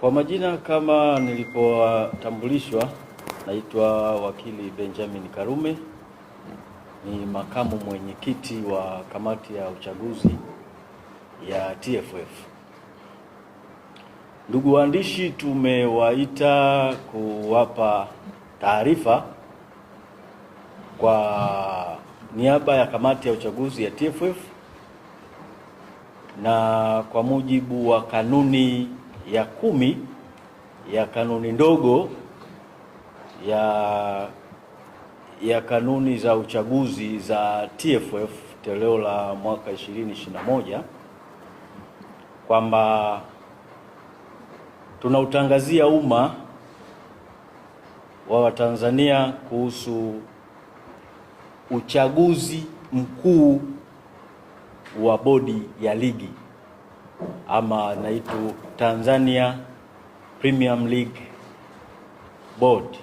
Kwa majina kama nilipotambulishwa, naitwa wakili Benjamin Karume, ni makamu mwenyekiti wa kamati ya uchaguzi ya TFF. Ndugu waandishi, tumewaita kuwapa taarifa kwa niaba ya kamati ya uchaguzi ya TFF na kwa mujibu wa kanuni ya kumi ya kanuni ndogo ya, ya kanuni za uchaguzi za TFF toleo la mwaka 2021 kwamba tunautangazia umma wa Watanzania kuhusu uchaguzi mkuu wa bodi ya ligi ama naitu Tanzania Premium League Board.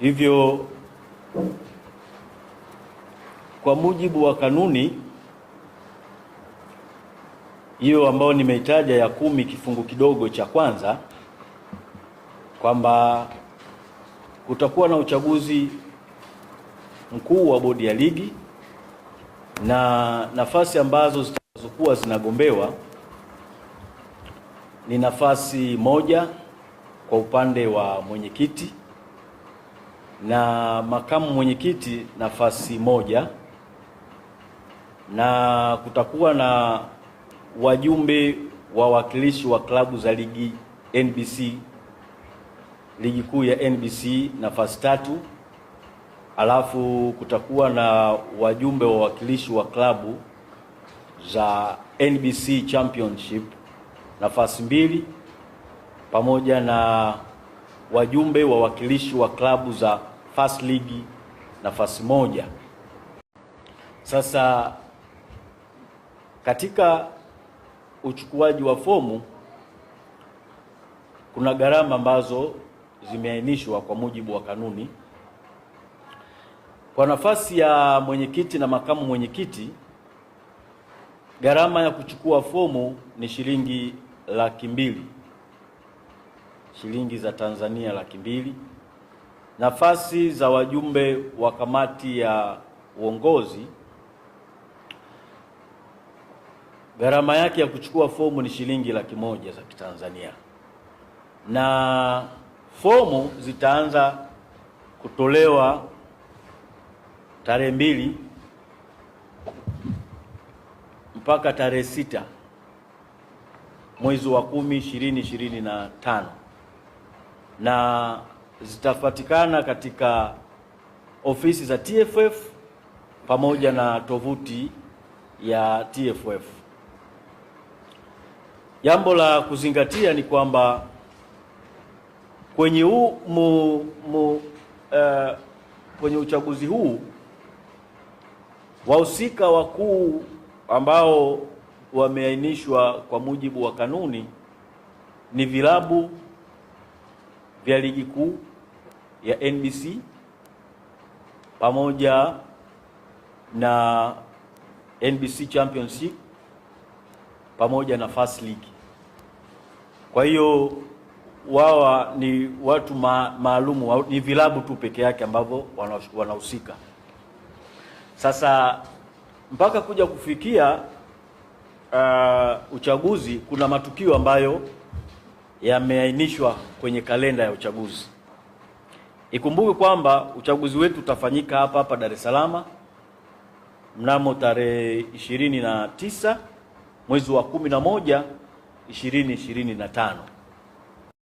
Hivyo kwa mujibu wa kanuni hiyo ambayo nimeitaja ya kumi kifungu kidogo cha kwanza kwamba kutakuwa na uchaguzi mkuu wa bodi ya ligi na nafasi ambazo zita zilizokuwa zinagombewa ni nafasi moja kwa upande wa mwenyekiti na makamu mwenyekiti nafasi moja, na kutakuwa na wajumbe wawakilishi wa klabu za ligi NBC ligi kuu ya NBC nafasi tatu, alafu kutakuwa na wajumbe wawakilishi wa klabu za NBC Championship nafasi mbili pamoja na wajumbe wawakilishi wa klabu za First League nafasi moja. Sasa katika uchukuaji wa fomu kuna gharama ambazo zimeainishwa kwa mujibu wa kanuni. Kwa nafasi ya mwenyekiti na makamu mwenyekiti Gharama ya kuchukua fomu ni shilingi laki mbili, shilingi za Tanzania laki mbili. Nafasi za wajumbe wa kamati ya uongozi, gharama yake ya kuchukua fomu ni shilingi laki moja za Kitanzania, na fomu zitaanza kutolewa tarehe mbili mpaka tarehe sita mwezi wa kumi ishirini ishirini na tano na zitapatikana katika ofisi za TFF pamoja na tovuti ya TFF. Jambo la kuzingatia ni kwamba kwenye huu mu, mu, uh, kwenye uchaguzi huu wahusika wakuu ambao wameainishwa kwa mujibu wa kanuni ni vilabu vya ligi kuu ya NBC pamoja na NBC Champions League pamoja na First League. Kwa hiyo wawa ni watu ma, maalumu ni vilabu tu peke yake ambavyo wanahusika. Sasa mpaka kuja kufikia uh, uchaguzi kuna matukio ambayo yameainishwa kwenye kalenda ya uchaguzi. Ikumbuke kwamba uchaguzi wetu utafanyika hapa hapa Dar es Salaam mnamo tarehe tisa mwezi wa 11 2025.